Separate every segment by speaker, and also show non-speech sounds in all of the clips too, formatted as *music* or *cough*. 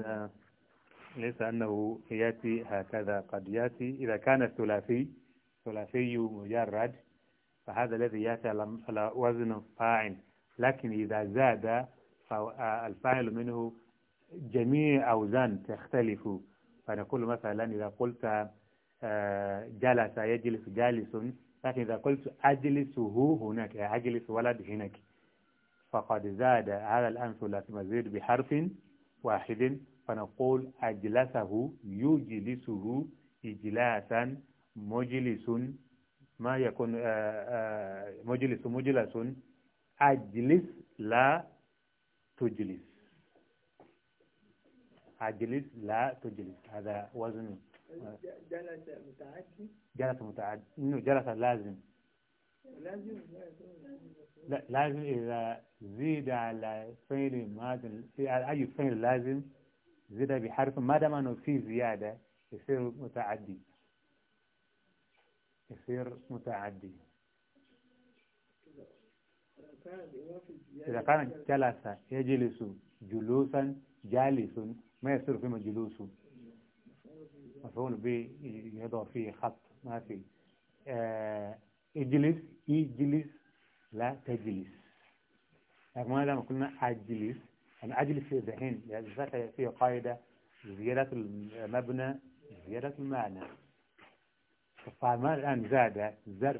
Speaker 1: آه، ليس أنه يأتي هكذا قد يأتي إذا كان الثلاثي ثلاثي مجرد فهذا الذي يأتي على وزن فاعل لكن إذا زاد فالفاعل آه، منه جميع أوزان تختلف فنقول مثلا إذا قلت آه، جلس يجلس جالس لكن إذا قلت أجلسه هناك أجلس ولد هناك فقد زاد هذا الآن ثلاثي مزيد بحرف واحد فنقول أجلسه يجلسه إجلاسا مجلس ما يكون مجلس مجلس أجلس لا تجلس أجلس لا تجلس هذا وزن جلس متعدي جلس متعدي جلس لازم لازم إذا زيد على فعل ماضي على أي فعل لازم زيد بحرف ما دام أنه في زيادة يصير متعدي يصير متعدي إذا كان جلس يجلس جلوسا جالس ما يصير في مجلوس مفعول به يضع فيه خط ما في آه، اجلس اجلس لا تجلس لكن لما قلنا اجلس أنا يعني أجلس في لأن الفتح يعني في قاعدة زيادة المبنى زيادة المعنى فما الآن زاد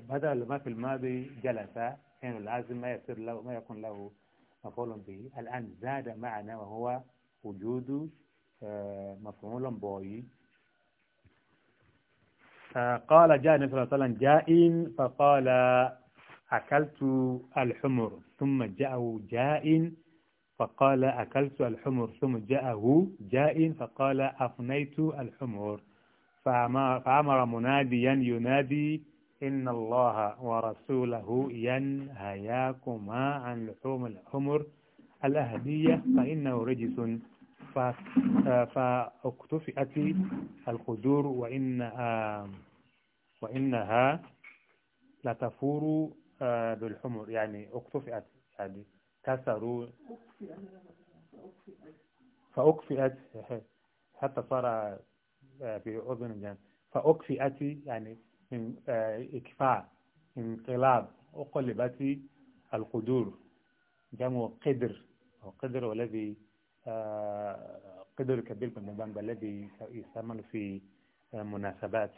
Speaker 1: بدل ما في الماضي جلس حين لازم ما يصير له ما يكون له مفعول به الآن زاد معنى وهو وجود آه، مفعول به فقال جاء النبي صلى الله عليه وسلم جائن فقال أكلت الحمر ثم جاءه جائن فقال أكلت الحمر ثم جاءه جائن فقال أفنيت الحمر فأمر مناديا ينادي إن الله ورسوله ينهياكما عن لحوم الحمر الأهدية فإنه رجس آه، فاكتفئت القدور وإن آه، وإنها لتفور آه، بالحمر يعني اكتفئت يعني كسروا فأكفئت حتى صار أذن الجن فأكفئت يعني من إكفاء انقلاب أقلبت القدور جمع قدر القدر والذي قدر كبير بالمبانبة الذي يستعمل في مناسبات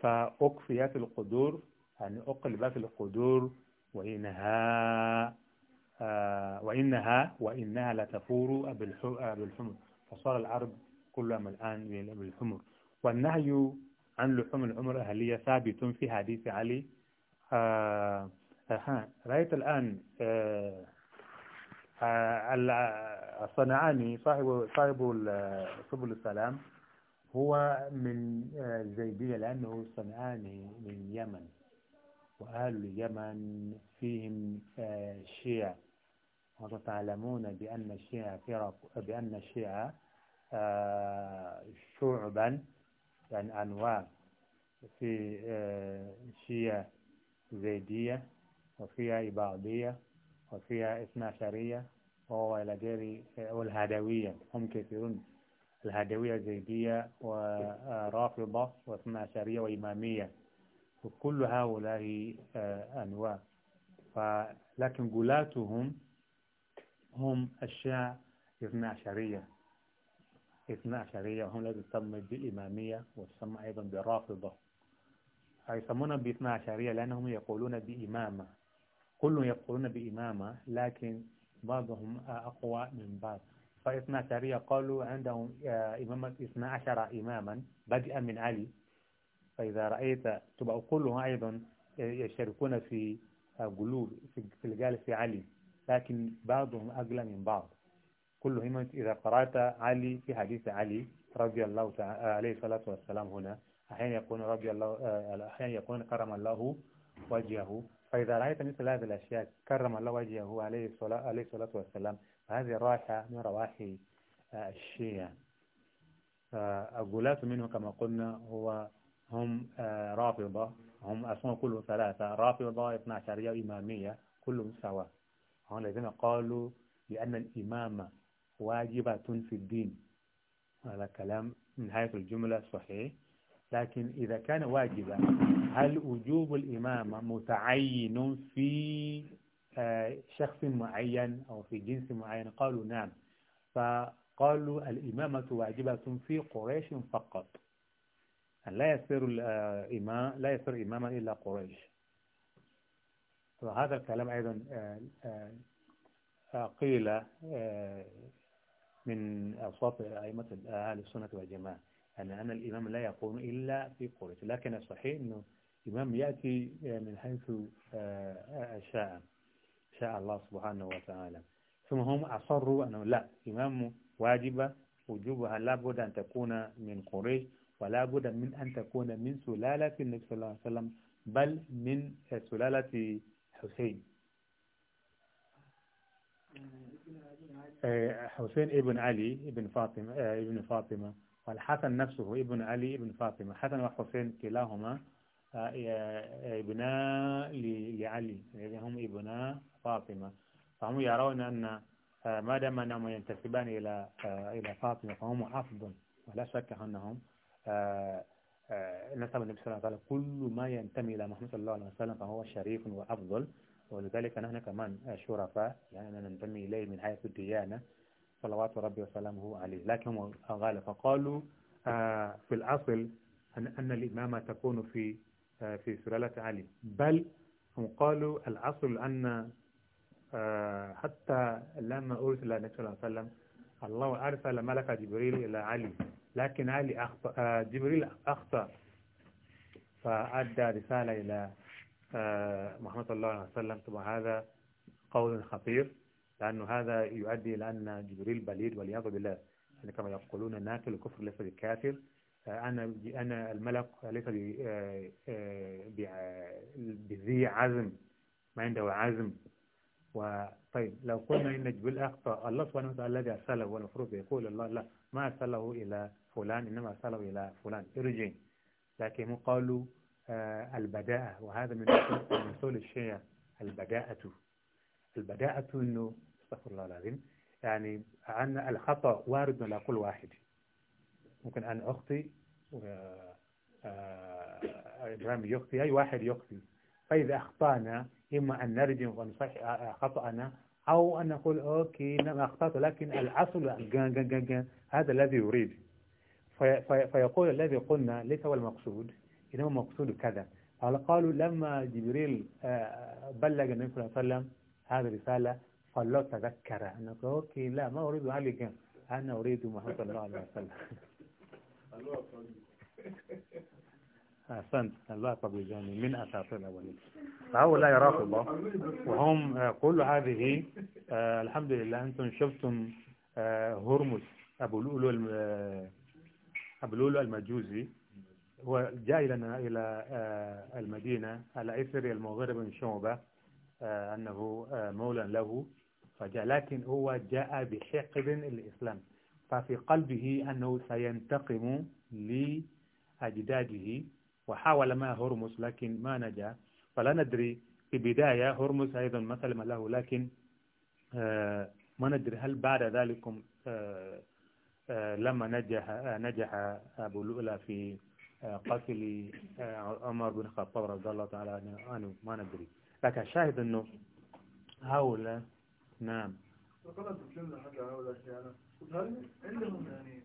Speaker 1: فأقفيات القدور يعني أقلبت القدور وإنها آه، وإنها وإنها لتفور بالحمر فصار العرب كلهم الآن بالحمر والنهي عن لحوم العمر أهلية ثابت في حديث علي آه رأيت الآن آه الصنعاني صاحب صاحب سبل السلام هو من الزيدية لأنه صنعاني من اليمن وأهل اليمن فيهم آه، شيعة وتعلمون بأن الشيعة فرق بأن الشيعة آه، شعبا يعني أنواع في آه، شيعة زيدية وفيها إباضية وفيها اثنا عشرية والأجاري والهدوية هم كثيرون الهدوية زيدية ورافضة واثنا عشرية وإمامية وكل هؤلاء آه، أنواع لكن قلاتهم هم أشياء اثنا عشرية اثنا عشرية هم الذي تسمى بالإمامية وتسمى أيضا بالرافضة يسمون باثنا عشرية لأنهم يقولون بإمامة كلهم يقولون بإمامة لكن بعضهم أقوى من بعض فإثنى عشرية قالوا عندهم آه، إمامة إثنى عشر إماما بدءا من علي فإذا رأيت تبقى كلهم أيضا آه، يشاركون في آه، قلوب في الجالس في علي لكن بعضهم أقل من بعض كلهم إذا قرأت علي في حديث علي رضي الله تعالى عليه الصلاة والسلام هنا أحيانا يكون رضي الله أحيانا يكون كرم الله وجهه فإذا رأيت مثل هذه الأشياء كرم الله وجهه عليه الصلاة, عليه الصلاة والسلام هذه رائحة من رواحي آه، الشيعة الغلاة منه كما قلنا هو هم آه، رافضة هم أسماء كلهم ثلاثة رافضة اثنا عشرية إمامية كلهم سوا هم الذين قالوا بأن الإمامة واجبة في الدين هذا كلام من حيث الجملة صحيح لكن إذا كان واجبا هل وجوب الإمامة متعين في آه، شخص معين أو في جنس معين قالوا نعم فقالوا الإمامة واجبة في قريش فقط لا يصير الإمام آه، لا يصير إماما إلا قريش وهذا الكلام أيضا آه، قيل من أصوات أئمة أهل السنة والجماعة أن أن الإمام لا يكون إلا في قريش لكن الصحيح أنه الإمام يأتي آه، من حيث آه، آه، شاء شاء الله سبحانه وتعالى ثم هم أصروا أنه لا إمام واجبة وجوبها لابد أن تكون من قريش ولا بد من أن تكون من سلالة النبي صلى الله عليه وسلم بل من سلالة حسين حسين ابن علي ابن فاطمة ابن فاطمة والحسن نفسه ابن علي ابن فاطمة حسن وحسين كلاهما آه، آه، ابناء لعلي يعني هم ابناء فاطمة فهم يرون أن آه، ما دام أنهم ينتسبان إلى إلى فاطمة فهم حفظ ولا شك أنهم نسب النبي صلى الله عليه وسلم كل ما ينتمي إلى محمد صلى الله عليه وسلم فهو شريف وأفضل ولذلك نحن كمان شرفاء يعني ننتمي إليه من حيث الديانة صلوات ربي وسلامه عليه لكن هم غالب فقالوا في الأصل أن الإمامة تكون في آه، في سلالة علي بل هم قالوا الأصل أن آه، حتى لما أرسل النبي صلى الله عليه وسلم الله أرسل ملك جبريل إلى علي لكن علي أخطأ آه، جبريل أخطأ فأدى رسالة إلى محمد صلى الله عليه وسلم طبعا هذا قول خطير لأنه هذا يؤدي إلى أن جبريل بليد والعياذ بالله يعني كما يقولون ناكل الكفر ليس بكافر أنا أنا الملك ليس آه، آه، بذي عزم ما عنده عزم وطيب لو قلنا إن جبل أخطأ الله سبحانه وتعالى الذي أرسله والمفروض يقول الله لا ما أرسله إلى فلان إنما أرسله إلى فلان ارجع لكن قالوا آه، البداءة وهذا من أصول الشيعة البداءة البداءة إنه استغفر الله العظيم يعني أن الخطأ وارد على كل واحد ممكن أنا أخطي آه، إبراهيم يخطي أي واحد يخطي فإذا أخطأنا إما أن نرجم ونصحح خطأنا أو أن نقول أوكي نعم أخطأت لكن الأصل هذا الذي يريد في في فيقول الذي قلنا ليس هو المقصود إنما مقصود كذا قالوا لما جبريل آه، بلغ النبي صلى الله عليه وسلم هذه الرسالة فالله تذكر أنا أوكي لا ما أريد عليك أنا أريد محمد صلى الله عليه وسلم *laughs* أحسنت الله قبل من أساطير الأولين فهو لا الله وهم آه، كل هذه آه، الحمد لله أنتم شفتم آه، هرمز أبو لؤلؤ أبو لؤلؤ المجوزي وجاء لنا إلى المدينة على إثر المغرب بن شعبة أنه مولى له فجاء لكن هو جاء بحقب الإسلام ففي قلبه أنه سينتقم لأجداده وحاول ما هرمس لكن ما نجا فلا ندري في بداية هرمس أيضا سلم له لكن آه، ما ندري هل بعد ذلك آه، آه، لما نجح نجح أبو لؤلؤ في قتل عمر بن الخطاب رضي الله تعالى عنه ما ندري لكن الشاهد أنه هؤلاء نعم يعني يعني يعني.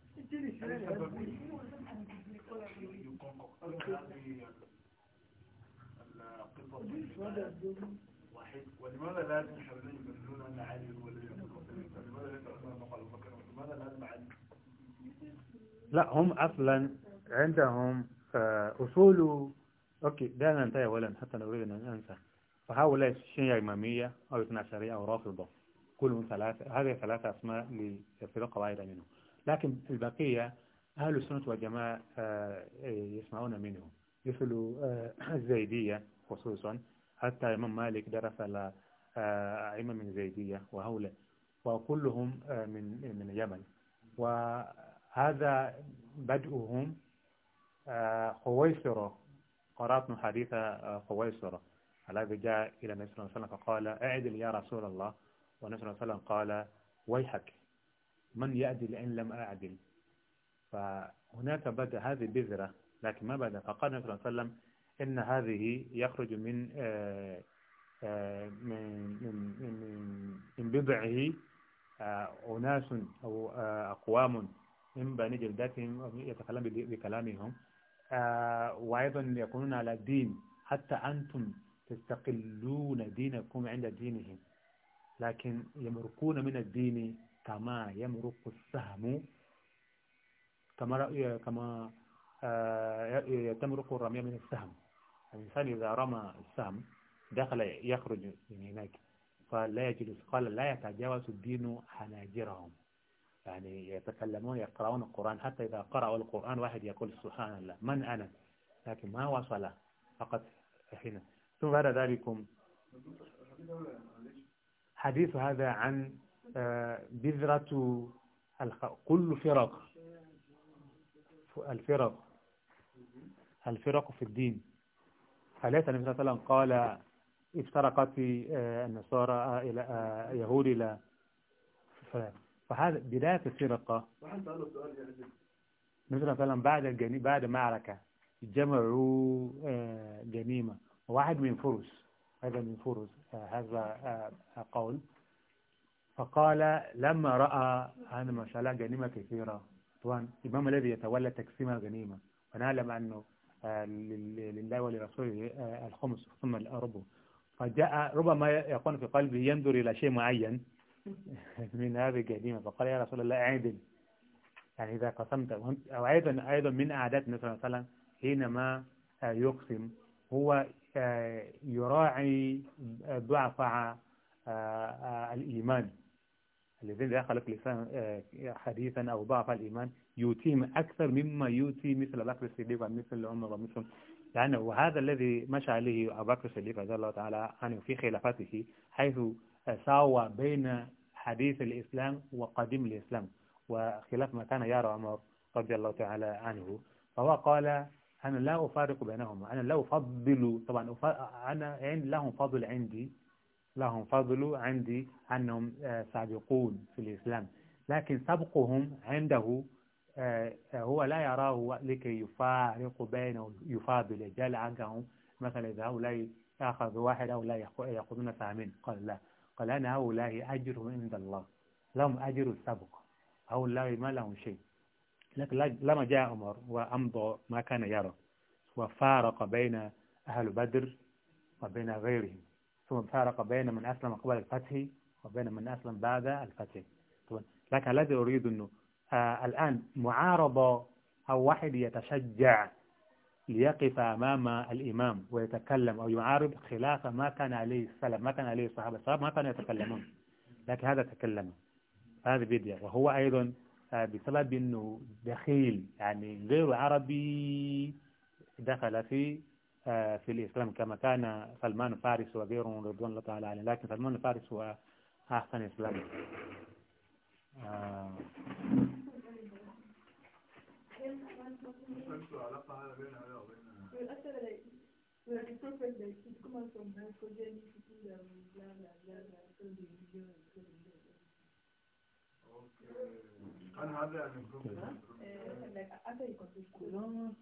Speaker 1: لا هم أصلا عندهم آه، أصول أوكي دعنا ننتهي أولا حتى نريد أن ننسى فهؤلاء الشيعة إمامية أو اثنا عشرية أو رافضة كلهم ثلاثة هذه ثلاثة أسماء لفرقة واحدة منهم لكن البقية أهل السنة والجماعة آه، إيه، يسمعون منهم مثل آه، الزيدية خصوصا حتى إمام مالك درس على آه، أئمة من الزيدية وهؤلاء وكلهم من من اليمن وهذا بدؤهم خويصرة قرأت حديث خويصرة الذي جاء إلى النبي صلى الله عليه وسلم فقال اعدل يا رسول الله ونفر صلى الله عليه وسلم قال ويحك من يعدل إن لم أعدل فهناك بدأ هذه بذرة لكن ما بدأ فقال النبي صلى الله عليه وسلم إن هذه يخرج من آه، آه، من من من, من بضعه آه، أناس أو أقوام من بني جلدتهم يتكلم بكلامهم وأيضا يكونون على دين حتى أنتم تستقلون دينكم عند دينهم لكن يمرقون من الدين كما يمرق السهم كما كما آه، تمرق الرمية من السهم الإنسان إذا رمى السهم دخل يخرج من هناك فلا يجلس قال لا يتجاوز الدين حناجرهم يعني يتكلمون يقرؤون القرآن حتى إذا قرأوا القرآن واحد يقول سبحان الله من أنا لكن ما وصل فقط حين ثم بعد ذلك حديث هذا عن آه، بذرة كل فرق الفرق الفرق في الدين أليس النبي صلى الله عليه وسلم قال افترقت آه، النصارى آه، إلى يهود إلى فهذا بداية الفرقة مثلا وسلم بعد الجني بعد معركة جمعوا جنيمة واحد من فرس هذا من فروز آه، هذا آه، قول فقال لما رأى أنا ما شاء الله غنيمة كثيرة طبعا الإمام الذي يتولى تقسيم الغنيمة ونعلم أنه آه، لله ولرسوله الخمس ثم الأربو فجاء ربما يكون في قلبه ينظر إلى شيء معين *laughs* من هذه الجريمة فقال يا رسول الله أعدل يعني إذا قسمت أو أيضا أيضا من أعداد مثلا مثلا حينما يقسم هو آه، يراعي آه، ضعف آه، الإيمان الذين لا يخلق لسان حديثا أو ضعف الإيمان يؤتيهم أكثر مما يؤتي مثل أبو بكر الصديق ومثل عمر ومثل لأنه وهذا الذي مشى عليه أبو بكر الصديق رضي الله تعالى عنه في خلافته حيث ساوى بين حديث الإسلام وقديم الإسلام وخلاف ما كان يرى عمر رضي الله تعالى عنه فهو قال أنا لا أفارق بينهما أنا لا أفضل طبعا أنا عند لهم فضل عندي لهم فضل عندي أنهم آه، سابقون في الإسلام لكن سبقهم عنده آه، هو لا يراه لكي يفارق بينه يفاضل جل عنهم مثلا إذا هؤلاء أخذوا واحد هؤلاء يأخذون ثامن قال لا قال أنا هؤلاء أجرهم عند الله لهم أجر السبق هؤلاء ما لهم شيء لكن لما جاء عمر وأمضى ما كان يرى وفارق بين أهل بدر وبين غيرهم ثم فارق بين من أسلم قبل الفتح وبين من أسلم بعد الفتح لكن الذي أريد أنه آه، الآن معارضة أو واحد يتشجع ليقف أمام الإمام ويتكلم أو يعارض خلاف ما كان عليه السلف ما كان عليه الصحابة الصحابة ما كانوا يتكلمون لكن هذا تكلم هذا بدية وهو أيضا بسبب أنه دخيل يعني غير عربي دخل في آه، في الإسلام كما كان سلمان فارس وغيره رضوان الله تعالى عليه لكن سلمان فارس هو أحسن إسلام آه. *laughs* Okay. And how they are